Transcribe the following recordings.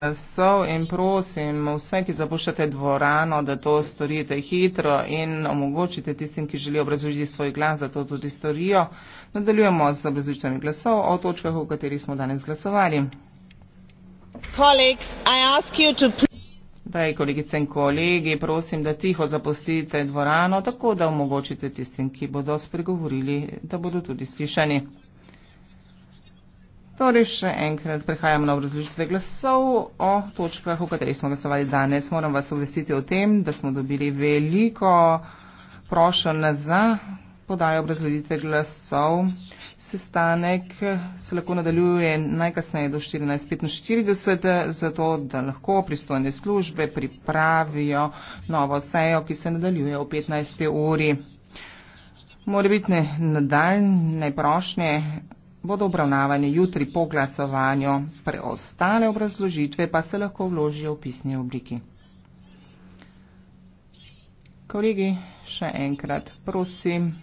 glasov in prosim vse, ki zapuščate dvorano, da to storite hitro in omogočite tistim, ki želijo obrazložiti svoj glas, da to tudi storijo. Nadaljujemo z obrazložitvami glasov o točkah, o katerih smo danes glasovali. Daj, kolegice in kolegi, prosim, da tiho zapustite dvorano, tako da omogočite tistim, ki bodo spregovorili, da bodo tudi slišani. Torej, še enkrat prehajamo na obrazložitve glasov o točkah, o katerih smo glasovali danes. Moram vas obvestiti o tem, da smo dobili veliko prošen za podajo obrazložitve glasov. Sestanek se lahko nadaljuje najkasneje do 14.45, zato da lahko pristojne službe pripravijo novo sejo, ki se nadaljuje o 15. uri. Morebitne nadaljne prošnje bodo obravnavane jutri po glasovanju, preostale obrazložitve pa se lahko vložijo v pisni obliki. Kolegi, še enkrat prosim,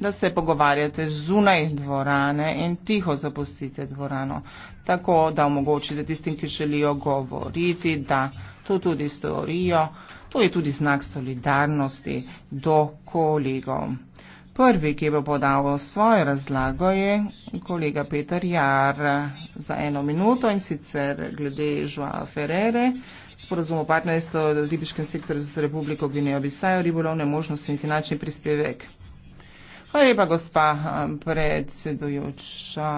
da se pogovarjate zunaj dvorane in tiho zapustite dvorano, tako da omogočite tistim, ki želijo govoriti, da to tudi storijo. To je tudi znak solidarnosti do kolegov. Prvi, ki bo podal svojo razlago, je kolega Peter Jar za eno minuto in sicer glede Joao Ferrere, sporozum o partnerstvu v ribiškem sektorju z Republiko Gvinejo-Bisajo, ribolovne možnosti in finančni prispevek. Hvala lepa, gospa predsedujoča.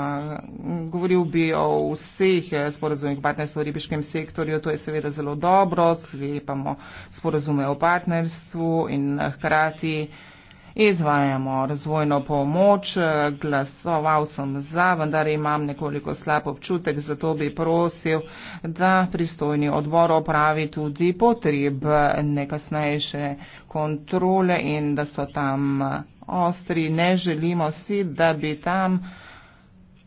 Govoril bi o vseh sporozumih partnerstva v ribiškem sektorju. To je seveda zelo dobro, sklepamo sporozume o partnerstvu in hkrati. Uh, Izvajamo razvojno pomoč, glasoval sem za, vendar imam nekoliko slab občutek, zato bi prosil, da pristojni odbor opravi tudi potreb nekasnejše kontrole in da so tam ostri. Ne želimo si, da bi tam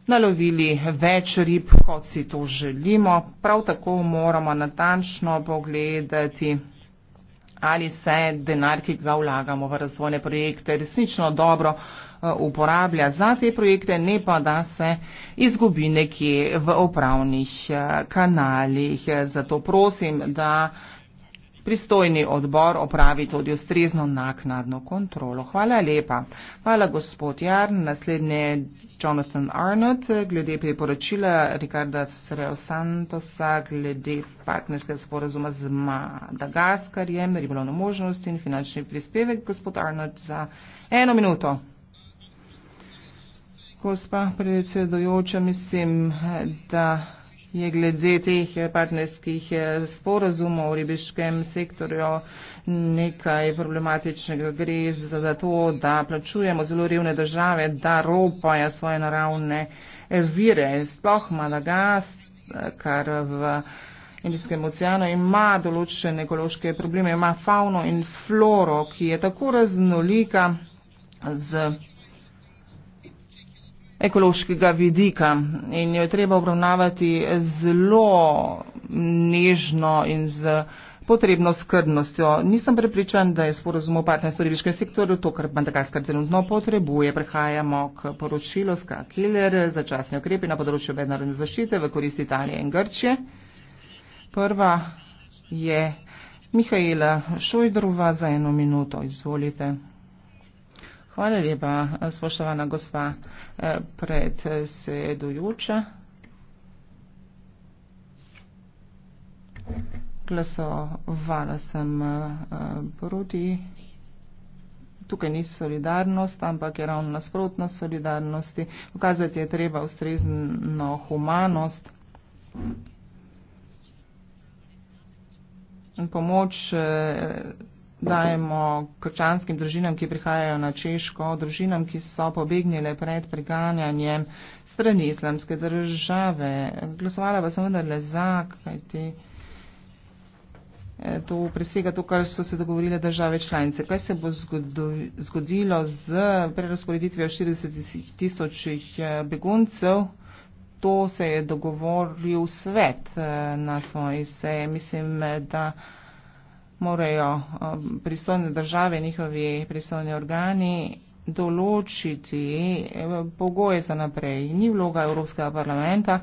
nalovili več rib, kot si to želimo. Prav tako moramo natančno pogledati ali se denar, ki ga vlagamo v razvojne projekte, resnično dobro eh, uporablja za te projekte, ne pa da se izgubi nekje v upravnih eh, kanalih. Zato prosim, da pristojni odbor opravi tudi ustrezno naknadno kontrolo. Hvala lepa. Hvala gospod Jarn. Naslednje je Jonathan Arnott glede priporočila Ricarda Sreo Santosa glede partnerskega sporazuma z Madagaskarjem, ribolovno možnost in finančni prispevek. Gospod Arnott za eno minuto. Gospa predsedujoča, mislim, da je glede teh eh, partnerskih eh, sporazumov v ribiškem sektorju nekaj problematičnega. Gre za to, da plačujemo zelo revne države, da ropajo svoje naravne eh, vire. Sploh Madagaskar, kar v Indijskem oceanu ima določene ekološke probleme, ima fauno in floro, ki je tako raznolika z ekološkega vidika in jo je treba obravnavati zelo nežno in z potrebno skrbnostjo. Nisem prepričan, da je sporozum o partnerstvu v ribiškem sektorju to, kar Madagaskar trenutno potrebuje. Prehajamo k poročilu Ska Killer za časne ukrepe na področju mednarodne zaščite v korist Italije in Grčije. Prva je Mihajla Šojdrova za eno minuto. Izvolite. Hvala lepa, spoštovana gospa eh, predsedujoča. Glasovala sem eh, proti. Tukaj ni solidarnost, ampak je ravno nasprotno solidarnosti. Pokazati je treba ustrezno humanost. Pomoč eh, dajemo krčanskim družinam, ki prihajajo na Češko, družinam, ki so pobegnile pred preganjanjem strani islamske države. Glasovala pa sem vendarle za, kajti eh, to presega to, kar so se dogovorile države članice. Kaj se bo zgodilo, zgodilo z prerasporeditvijo 40 tisočih eh, beguncev? To se je dogovoril svet eh, na svoji seji. Mislim, da morajo um, pristojne države, njihovi pristojni organi določiti eh, pogoje za naprej. Ni vloga Evropskega parlamenta,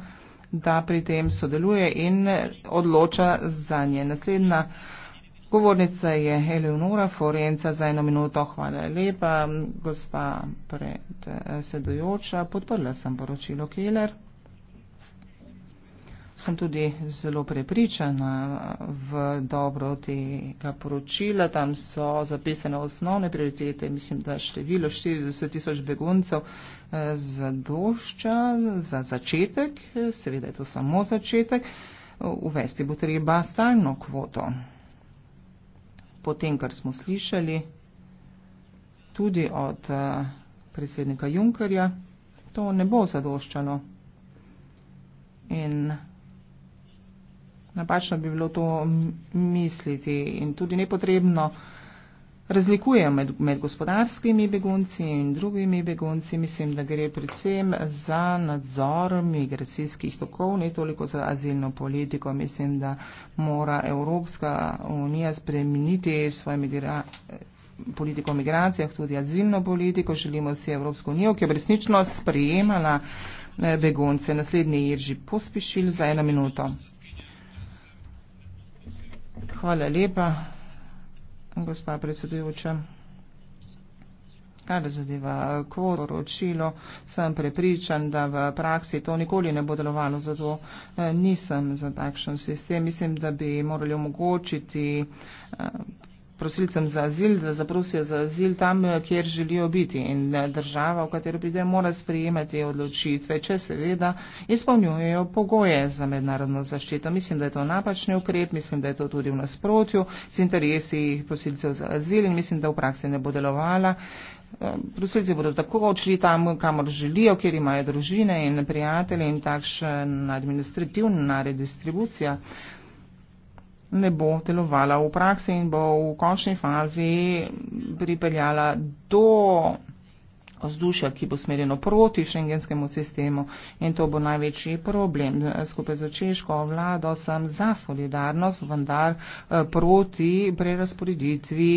da pri tem sodeluje in odloča za nje. Naslednja govornica je Eleonora Forenca za eno minuto. Hvala lepa, gospa predsedujoča. Podprla sem poročilo Keller sem tudi zelo prepričana v dobro tega poročila. Tam so zapisane osnovne prioritete. Mislim, da število 40 tisoč beguncev eh, zadošča za začetek. Seveda je to samo začetek. Uvesti bo treba stalno kvoto. Potem, kar smo slišali tudi od eh, predsednika Junkerja, to ne bo zadoščalo. In napačno bi bilo to misliti in tudi nepotrebno razlikujejo med, med gospodarskimi begunci in drugimi begunci. Mislim, da gre predvsem za nadzor migracijskih tokov, ne toliko za azilno politiko. Mislim, da mora Evropska unija spremeniti svoje politiko o migracijah, tudi azilno politiko. Želimo si Evropsko unijo, ki je resnično sprejemala eh, begunce. Naslednji je že pospešil za eno minuto. Hvala lepa, gospa predsedujoča. Kar zadeva kvoročilo, sem prepričan, da v praksi to nikoli ne bo delovalo, zato eh, nisem za takšen sistem. Mislim, da bi morali omogočiti eh, prosilcem za azil, da zaprosijo za azil tam, kjer želijo biti. In eh, država, v katero pride, mora sprejemati odločitve, če seveda izpolnjujejo pogoje za mednarodno zaščito. Mislim, da je to napačni ukrep, mislim, da je to tudi v nasprotju z interesi prosilcev za azil in mislim, da v praksi ne bo delovala. Eh, prosilci bodo tako odšli tam, kamor želijo, kjer imajo družine in prijatelje in takšen administrativna redistribucija ne bo delovala v praksi in bo v končni fazi pripeljala do vzdušja, ki bo smerjeno proti šengenskemu sistemu in to bo največji problem. Skupaj za češko vlado sem za solidarnost, vendar eh, proti prerasporeditvi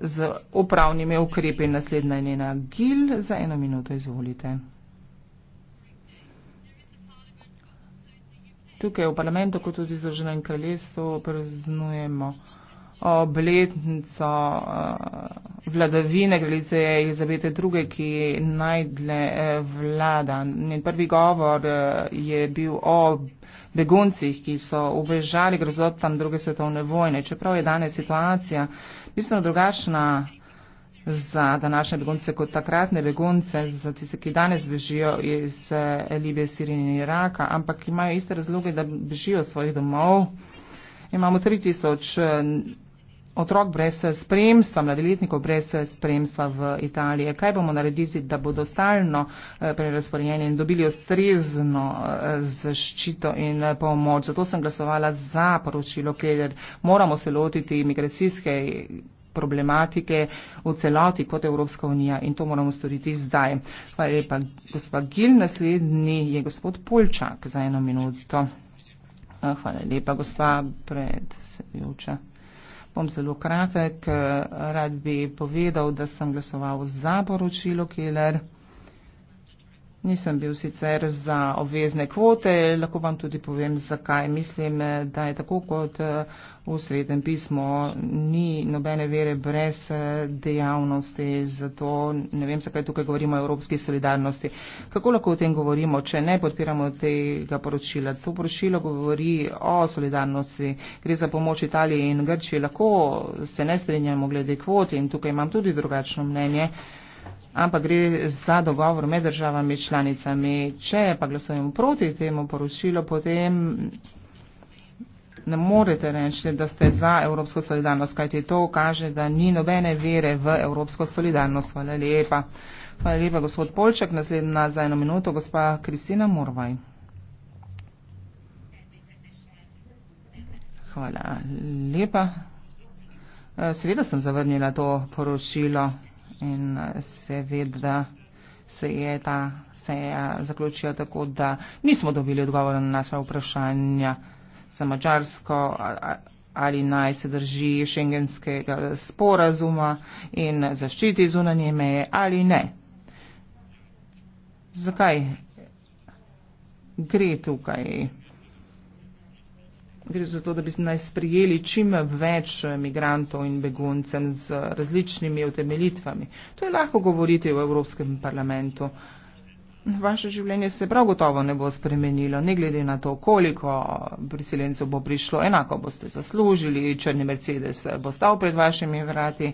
z upravnimi ukrepi. Naslednja je njena gil za eno minuto, izvolite. tukaj v parlamentu, kot tudi za ženem kraljestvu, praznujemo obletnico uh, vladavine kraljice Elizabete II, ki najdle uh, eh, vlada. Njen prvi govor uh, je bil o beguncih, ki so ubežali grozotam druge svetovne vojne. Čeprav je danes situacija bistveno drugačna za današnje begunce kot takratne begunce, za tiste, ki danes bežijo iz eh, Libije, Sirije in Iraka, ampak imajo iste razloge, da bežijo svojih domov. Imamo 3000 eh, otrok brez eh, spremstva, mladoletnikov brez spremstva v Italiji. Kaj bomo naredili, da bodo stalno prerasporjeni in dobili ustrezno zaščito in pomoč? Zato sem glasovala za poročilo, ker moramo se lotiti migracijske problematike v celoti kot Evropska unija in to moramo storiti zdaj. Hvala lepa, gospod Gil. Naslednji je gospod Polčak za eno minuto. Hvala lepa, gospa predsedujoča. Bom zelo kratek. Rad bi povedal, da sem glasoval za poročilo Keller. Nisem bil sicer za obvezne kvote, lahko vam tudi povem, zakaj mislim, da je tako kot eh, v svetem pismu, ni nobene vere brez eh, dejavnosti, zato ne vem, zakaj tukaj govorimo o evropski solidarnosti. Kako lahko o tem govorimo, če ne podpiramo tega poročila? To poročilo govori o solidarnosti, gre za pomoč Italiji in Grčiji, lahko se ne strinjamo glede kvote in tukaj imam tudi drugačno mnenje ampak gre za dogovor med državami članicami. Če pa glasujemo proti temu poročilu, potem ne morete reči, da ste za evropsko solidarnost, kajti to kaže, da ni nobene vere v evropsko solidarnost. Hvala lepa. Hvala lepa, gospod Polček. Naslednja za eno minuto, gospa Kristina Morvaj. Hvala lepa. Eh, seveda sem zavrnila to poročilo in eh, seveda se je ta seja zaključila tako, da nismo dobili odgovora na naša vprašanja za Mačarsko ali naj se drži šengenskega sporazuma in zaščiti zunanje meje ali ne. Zakaj gre tukaj? gre za to, da bi naj sprijeli čim več migrantov in beguncem z različnimi utemeljitvami. To je lahko govoriti v Evropskem parlamentu. Vaše življenje se prav gotovo ne bo spremenilo, ne glede na to, koliko priseljencev bo prišlo, enako boste zaslužili, črni Mercedes bo stal pred vašimi vrati,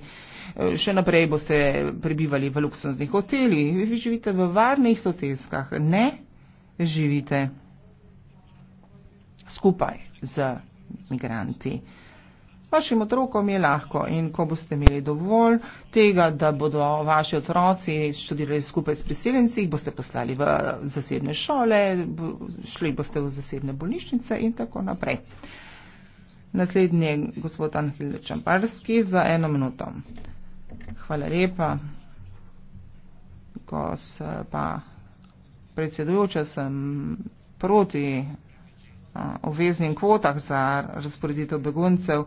še naprej boste prebivali v luksuznih hotelih, vi živite v varnih soteskah, ne živite skupaj z migranti. Vašim otrokom je lahko in ko boste imeli dovolj tega, da bodo vaši otroci študirali skupaj s priseljenci, boste poslali v zasebne šole, šli boste v zasebne bolnišnice in tako naprej. Naslednji je gospod Anhil Čamparski za eno minuto. Hvala lepa. Gospa predsedujoča, sem proti Eh, obveznim kvotah za razporeditev beguncev.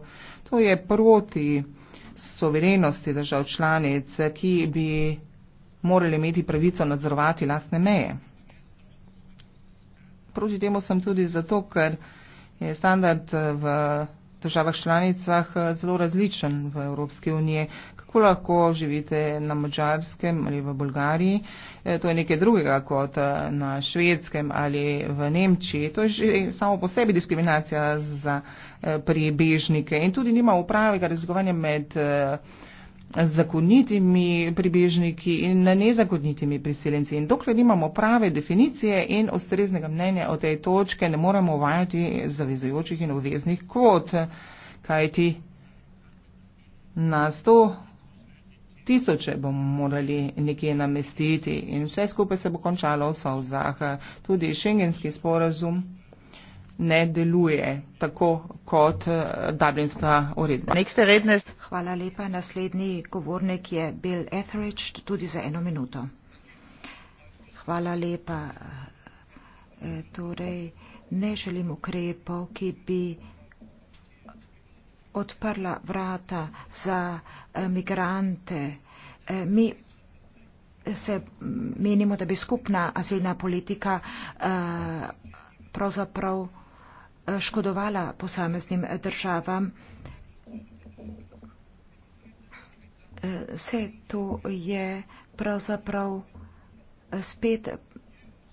To je proti soverenosti držav članic, ki bi morali imeti pravico nadzorovati lastne meje. Proti temu sem tudi zato, ker je standard eh, v državah članicah eh, zelo različen v Evropski uniji. Kako lahko živite na Mačarskem ali v Bolgariji? Eh, to je nekaj drugega kot eh, na Švedskem ali v Nemčiji. To je že samo po sebi diskriminacija za pribežnike in tudi nima upravega razlikovanja med z zakonitimi pribežniki in nezakonitimi priseljenci. In dokler nimamo prave definicije in ustreznega mnenja o tej točke, ne moremo uvajati zavezujočih in obveznih kvot, kajti na sto tisoče bomo morali nekje namestiti in vse skupaj se bo končalo v solzah. Tudi šengenski sporazum ne deluje tako kot eh, Dublinska uredba. Hvala lepa. Naslednji govornik je Bill Etheridge, tudi za eno minuto. Hvala lepa. E, torej, ne želim ukrepov, ki bi odprla vrata za e, migrante. E, mi se menimo, da bi skupna azilna politika e, pravzaprav škodovala posameznim državam. Vse to je pravzaprav spet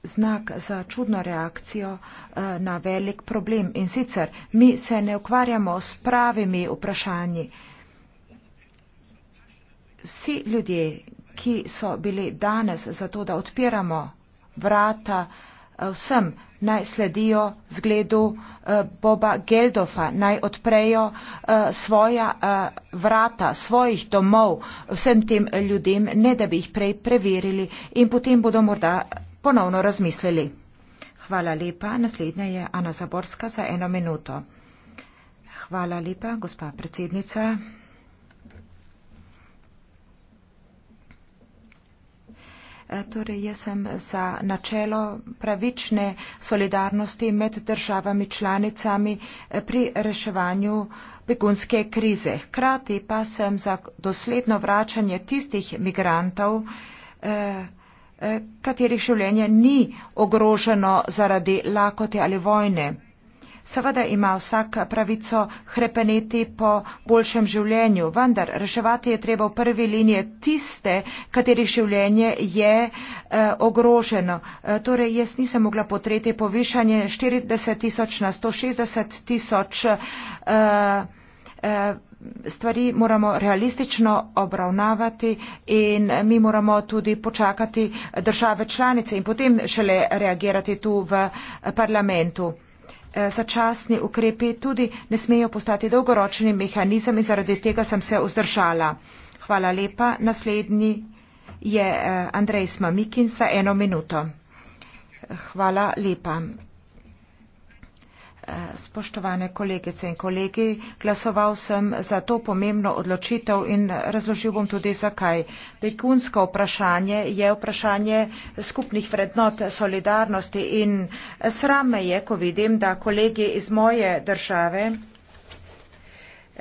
znak za čudno reakcijo eh, na velik problem. In sicer mi se ne ukvarjamo s pravimi vprašanji. Vsi ljudje, ki so bili danes za to, da odpiramo vrata eh, vsem naj sledijo zgledu eh, Boba Geldofa, naj odprejo eh, svoja eh, vrata, svojih domov vsem tem ljudem, ne da bi jih prej preverili in potem bodo morda ponovno razmislili. Hvala lepa. Naslednja je Ana Zaborska za eno minuto. Hvala lepa, gospa predsednica. E, torej, jaz sem za načelo pravične solidarnosti med državami članicami e, pri reševanju begunske krize. Hkrati pa sem za dosledno vračanje tistih migrantov, e, katerih življenje ni ogroženo zaradi lakote ali vojne. Seveda ima vsak pravico hrepeneti po boljšem življenju, vendar reševati je treba v prvi liniji tiste, katerih življenje je e, ogroženo. E, torej, jaz nisem mogla potreti povišanje 40 tisoč na 160 tisoč. E, e, stvari moramo realistično obravnavati in mi moramo tudi počakati države članice in potem šele reagirati tu v parlamentu. Eh, začasni ukrepi tudi ne smejo postati dolgoročni mehanizem in zaradi tega sem se vzdržala. Hvala lepa. Naslednji je eh, Andrej Smamikin za eno minuto. Hvala lepa. Spoštovane kolegice in kolegi, glasoval sem za to pomembno odločitev in razložil bom tudi zakaj. Begunsko vprašanje je vprašanje skupnih vrednot solidarnosti in srame je, ko vidim, da kolegi iz moje države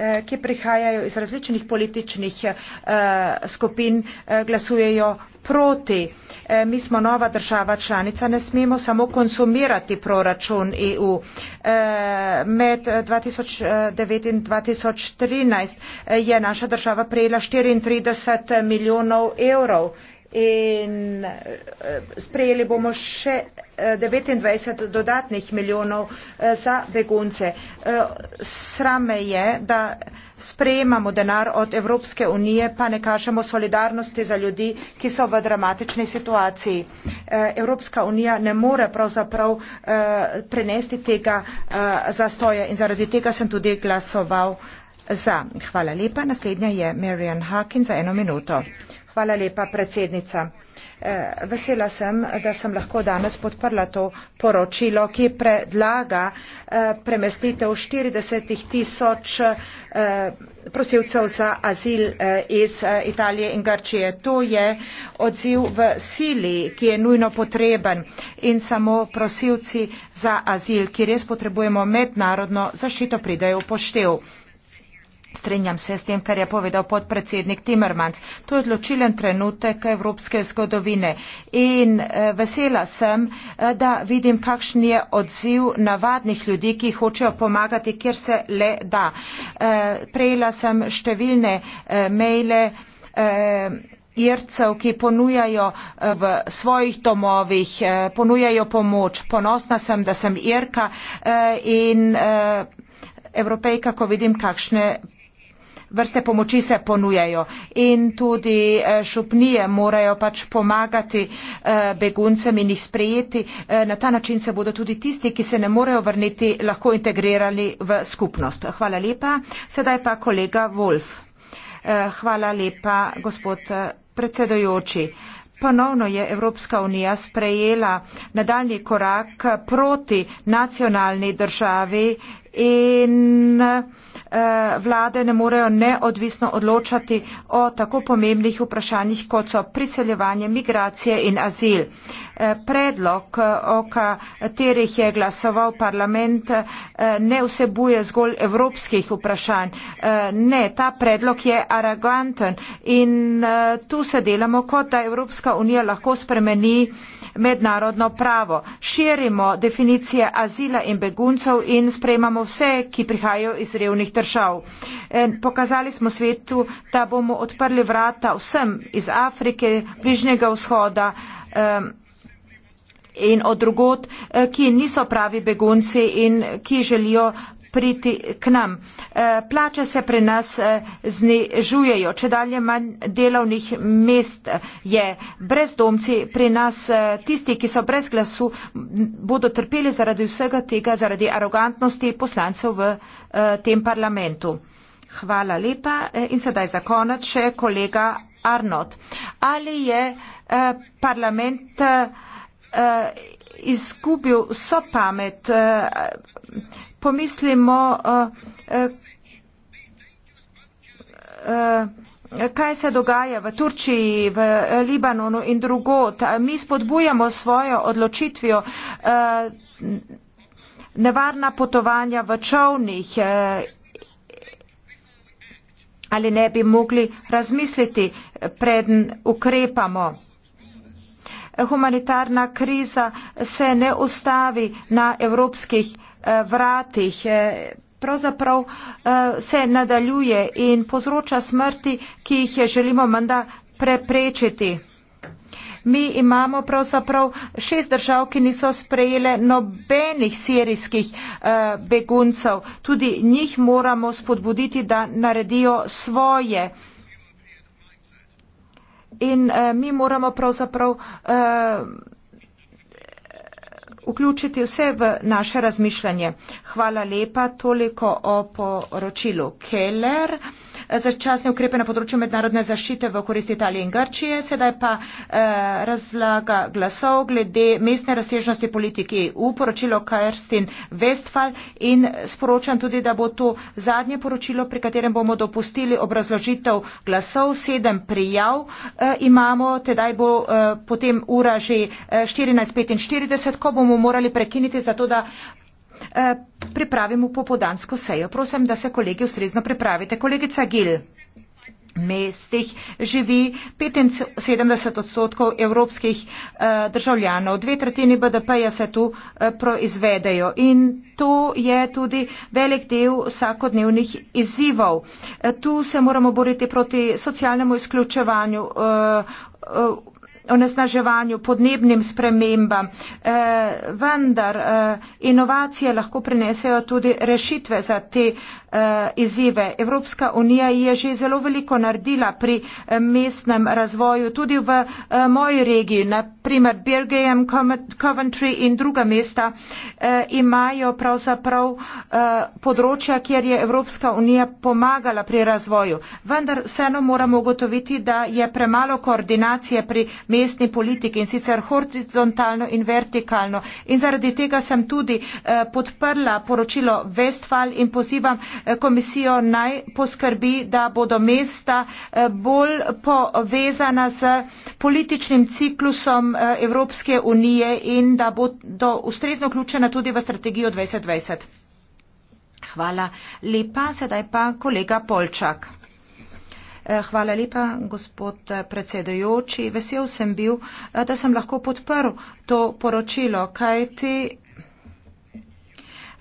Eh, ki prihajajo iz različnih političnih eh, skupin, eh, glasujejo proti. Mi smo nova država članica, ne smemo samo konsumirati proračun EU. Med 2009 in 2013 je naša država prejela 34 milijonov evrov in eh, sprejeli bomo še 29 eh, dodatnih milijonov eh, za begunce. Srame je, da sprejemamo denar od Evropske unije, pa ne kažemo solidarnosti za ljudi, ki so v dramatični situaciji. Evropska unija ne more pravzaprav prenesti tega zastoja in zaradi tega sem tudi glasoval za. Hvala lepa. Naslednja je Marian Hakin za eno minuto. Hvala lepa, predsednica. Eh, vesela sem, da sem lahko danes podprla to poročilo, ki predlaga eh, premestitev 40 tisoč eh, prosilcev za azil iz Italije in Grčije. To je odziv v sili, ki je nujno potreben in samo prosilci za azil, ki res potrebujemo mednarodno zaščito, pridejo v poštevo. Strenjam se s tem, kar je povedal podpredsednik Timmermans. To je odločilen trenutek evropske zgodovine in eh, vesela sem, eh, da vidim, kakšen je odziv navadnih ljudi, ki hočejo pomagati, kjer se le da. Eh, prejela sem številne maile ircev, ki ponujajo v svojih domovih, ponujajo pomoč. Ponosna sem, da sem irka in evropejka, ko vidim, kakšne vrste pomoči se ponujajo in tudi eh, šupnije morajo pač pomagati eh, beguncem in jih sprejeti. Eh, na ta način se bodo tudi tisti, ki se ne morejo vrniti, lahko integrirali v skupnost. Hvala lepa. Sedaj pa kolega Wolf. Hvala lepa, gospod predsedojoči. Ponovno je Evropska unija sprejela nadaljni korak proti nacionalni državi in uh, Eh, vlade ne morejo neodvisno odločati o tako pomembnih vprašanjih, kot so priseljevanje, migracije in azil. Eh, predlog, o katerih je glasoval parlament, eh, ne vsebuje zgolj evropskih vprašanj. Ne, ta predlog je aroganten in tu se delamo, kot da Evropska unija lahko spremeni mednarodno pravo. Širimo definicije azila in beguncev in sprejmamo vse, ki prihajajo iz revnih držav. Pokazali smo svetu, da bomo odprli vrata vsem iz Afrike, Bližnjega vzhoda in od drugot, eh, ki niso pravi begunci in ki želijo priti k nam. E, plače se pri nas e, znižujejo, če dalje manj delovnih mest je brezdomci pri nas, e, tisti, ki so brez glasu, bodo trpeli zaradi vsega tega, zaradi arogantnosti poslancev v tem parlamentu. Hvala lepa in sedaj za konec še kolega Arnold. Ali je parlament izgubil vso pamet? pomislimo, eh, eh, eh, kaj se dogaja v Turčiji, v Libanonu in drugot. Mi spodbujamo svojo odločitvijo nevarna potovanja v čovnih ali ne bi mogli razmisliti, preden ukrepamo. Humanitarna kriza se ne ustavi na evropskih Eh, vratih eh, pravzaprav eh, se nadaljuje in povzroča smrti, ki jih je želimo menda preprečiti. Mi imamo pravzaprav šest držav, ki niso sprejele nobenih sirijskih beguncev. Tudi njih moramo spodbuditi, da naredijo svoje. In mi moramo pravzaprav vključiti vse v naše razmišljanje. Hvala lepa toliko o poročilu Keller začasne ukrepe na področju mednarodne zaščite v korist Italije in Grčije, sedaj pa eh, razlaga glasov glede mestne razsežnosti politiki EU, poročilo Kerstin Westfall in sporočam tudi, da bo to zadnje poročilo, pri katerem bomo dopustili obrazložitev glasov, sedem prijav eh, imamo, tedaj bo eh, potem ura že 14.45, ko bomo morali prekiniti, zato da Eh, pripravimo popodansko sejo. Prosim, da se kolegi ustrezno pripravite. Kolegica Gil, mestih živi 75 odstotkov evropskih eh, državljanov, dve tretjini BDP-ja se tu eh, proizvedejo in to je tudi velik del vsakodnevnih izzivov. Tu se moramo boriti proti socialnemu izključevanju onesnaževanju, podnebnim spremembam. E, vendar e, inovacije lahko prinesejo tudi rešitve za te Eh, izzive. Evropska unija je že zelo veliko naredila pri eh, mestnem razvoju, tudi v eh, moji regiji, naprimer Birgham, Coventry in druga mesta imajo pravzaprav področja, kjer je Evropska unija pomagala pri razvoju. Vendar vseeno moramo ugotoviti, da je premalo koordinacije pri mestni politiki in sicer horizontalno in vertikalno. In zaradi tega sem tudi podprla poročilo Westfall in pozivam komisijo naj poskrbi, da bodo mesta eh, bolj povezana z političnim ciklusom eh, Evropske unije in da bodo ustrezno vključena tudi v strategijo 2020. Hvala lepa. Sedaj pa kolega Polčak. Eh, hvala lepa, gospod predsedujoči. Vesel sem bil, da sem lahko podprl to poročilo, kajti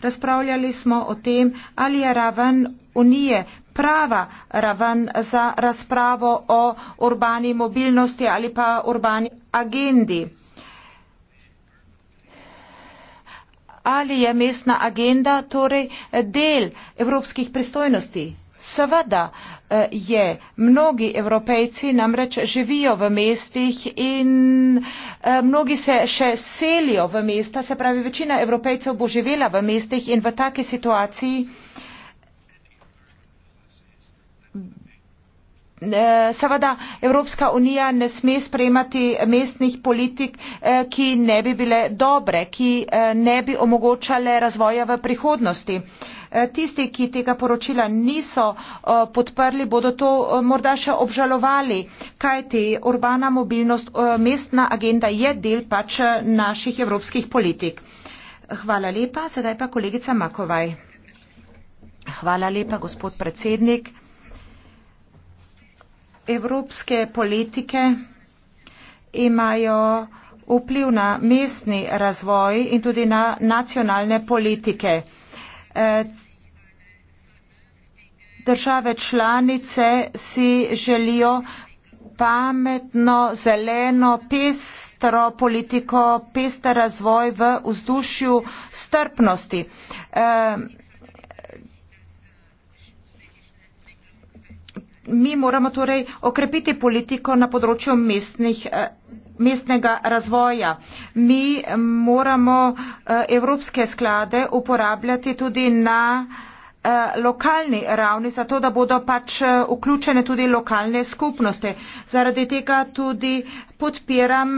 Razpravljali smo o tem, ali je raven unije prava raven za razpravo o urbani mobilnosti ali pa urbani agendi. Ali je mestna agenda torej del evropskih pristojnosti? Seveda eh, je, mnogi evropejci namreč živijo v mestih in eh, mnogi se še selijo v mesta, se pravi, večina evropejcev bo živela v mestih in v taki situaciji eh, seveda Evropska unija ne sme sprejemati mestnih politik, ki ne bi bile dobre, ki ne bi omogočale razvoja v prihodnosti. Eh, tisti, ki tega poročila niso eh, podprli, bodo to eh, morda še obžalovali, kajti urbana mobilnost, mestna agenda je del pač naših evropskih politik. Hvala lepa, sedaj pa kolegica Makovaj. Hvala lepa, gospod predsednik. Evropske politike imajo vpliv na mestni razvoj in tudi na nacionalne politike države članice si želijo pametno, zeleno, pestro politiko, pester razvoj v vzdušju strpnosti. Eh, mi moramo torej okrepiti politiko na področju mestnih, eh, mestnega razvoja. Mi moramo eh, evropske sklade uporabljati tudi na eh, lokalni ravni, zato da bodo pač vključene tudi lokalne skupnosti. Zaradi tega tudi podpiram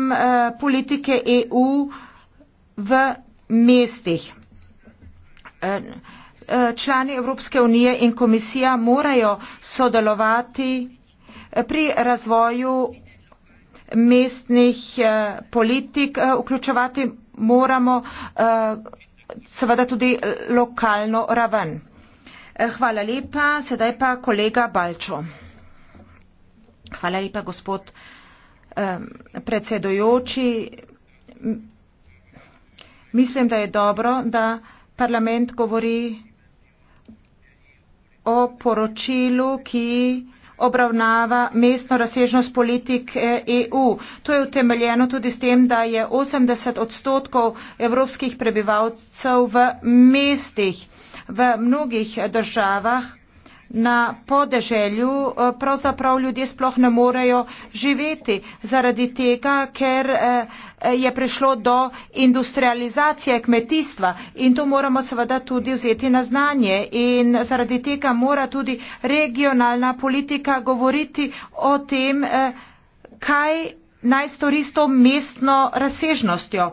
politike EU v mestih. Eh, člani Evropske unije in komisija morajo sodelovati eh, pri razvoju mestnih eh, politik, vključevati moramo seveda tudi lokalno raven. Hvala lepa, sedaj pa kolega Balčo. Hvala lepa, gospod predsedujoči. Mislim, da je dobro, da parlament govori o poročilu, ki obravnava mestno razsežnost politik EU. Eh, e to je utemeljeno tudi s tem, da je 80 odstotkov evropskih prebivalcev v mestih. V mnogih državah na podeželju eh, pravzaprav ljudje sploh ne morejo živeti zaradi tega, ker eh, eh, je prišlo do industrializacije kmetijstva in to moramo seveda tudi vzeti na znanje in zaradi tega mora tudi regionalna politika govoriti o tem, kaj naj stori s to mestno razsežnostjo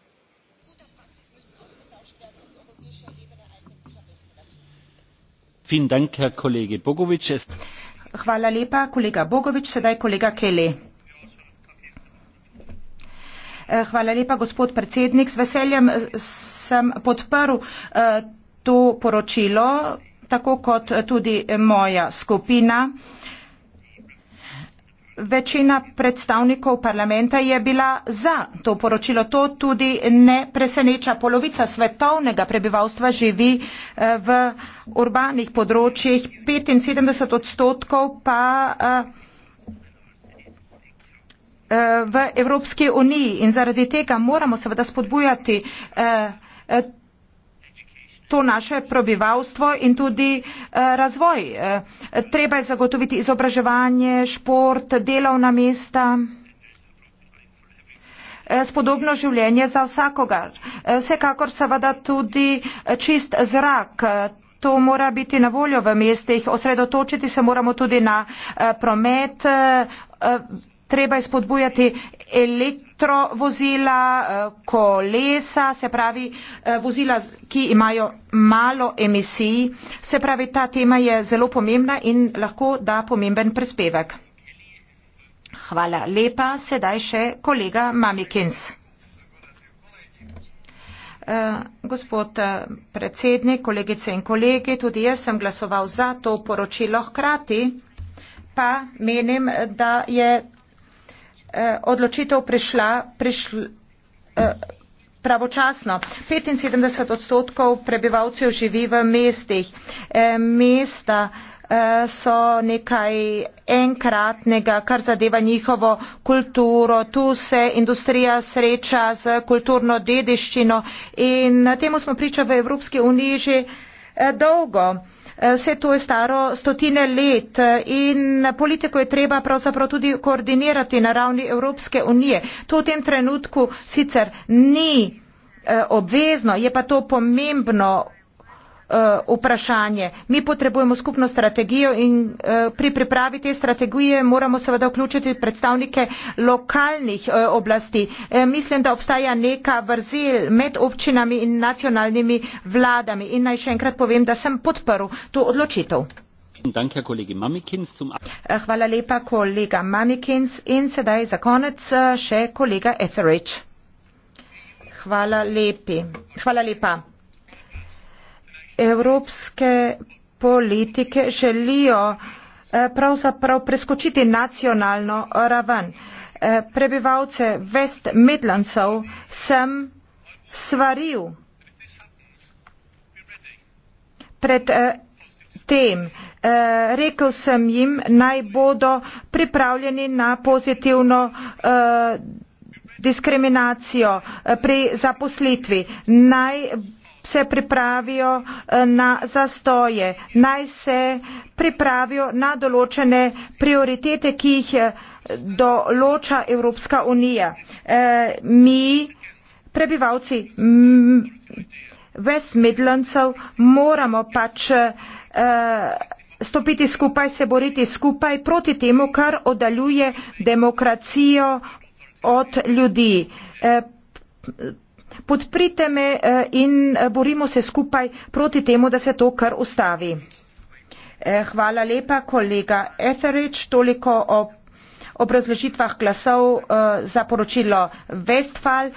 Hvala lepa, kolega Bogovič. Sedaj kolega Kele. Eh, hvala lepa, gospod predsednik. S veseljem eh, sem podprl eh, to poročilo, tako kot tudi moja skupina večina predstavnikov parlamenta je bila za to poročilo. To tudi ne preseneča. Polovica svetovnega prebivalstva živi eh, v urbanih področjih, 75 odstotkov pa eh, eh, v Evropski uniji. In zaradi tega moramo seveda spodbujati to naše prebivalstvo in tudi eh, razvoj. Eh, treba je zagotoviti izobraževanje, šport, delovna mesta, eh, spodobno življenje za vsakogar. Vsekakor seveda tudi čist zrak. To mora biti na voljo v mestih. Osredotočiti se moramo tudi na promet. Treba je spodbujati električno elektrovozila, eh, kolesa, se pravi eh, vozila, ki imajo malo emisij. Se pravi, ta tema je zelo pomembna in lahko da pomemben prispevek. Hvala lepa. Sedaj še kolega Mamikins. Eh, gospod predsednik, kolegice in kolege, tudi jaz sem glasoval za to poročilo hkrati pa menim, da je Eh, odločitev prišla, prišla eh, pravočasno. 75 odstotkov prebivalcev živi v mestih. Eh, mesta so nekaj enkratnega, kar zadeva njihovo kulturo. Tu se industrija sreča z kulturno dediščino in temu smo priča v Evropski uniji že dolgo. Eh, vse to je staro stotine let eh, in politiko je treba pravzaprav tudi koordinirati na ravni Evropske unije. To v tem trenutku sicer ni eh, obvezno, je pa to pomembno Eh, vprašanje. Mi potrebujemo skupno strategijo in eh, pri pripravi te strategije moramo seveda vključiti predstavnike lokalnih eh, oblasti. Mislim, da obstaja neka vrzel med občinami in nacionalnimi vladami in naj še enkrat povem, da sem podprl to odločitev. Hvala lepa, kolega Mamikins. In sedaj za konec še kolega Etheridge. Hvala lepi. Hvala lepa evropske politike želijo eh, pravzaprav preskočiti nacionalno raven. Eh, prebivalce West Midlandsov sem svaril pred eh, tem. Rekel sem jim, naj bodo pripravljeni na pozitivno diskriminacijo pri zaposlitvi. Naj se pripravijo eh, na zastoje, naj se pripravijo na določene prioritete, ki jih eh, določa Evropska unija. Eh, mi, prebivalci West Midlandsov, moramo pač stopiti skupaj, se boriti skupaj proti temu, kar oddaljuje demokracijo od ljudi podprite me eh, in eh, borimo se skupaj proti temu, da se to kar ustavi. Eh, hvala lepa, kolega Etherič, toliko o obrazložitvah glasov za poročilo Westfall.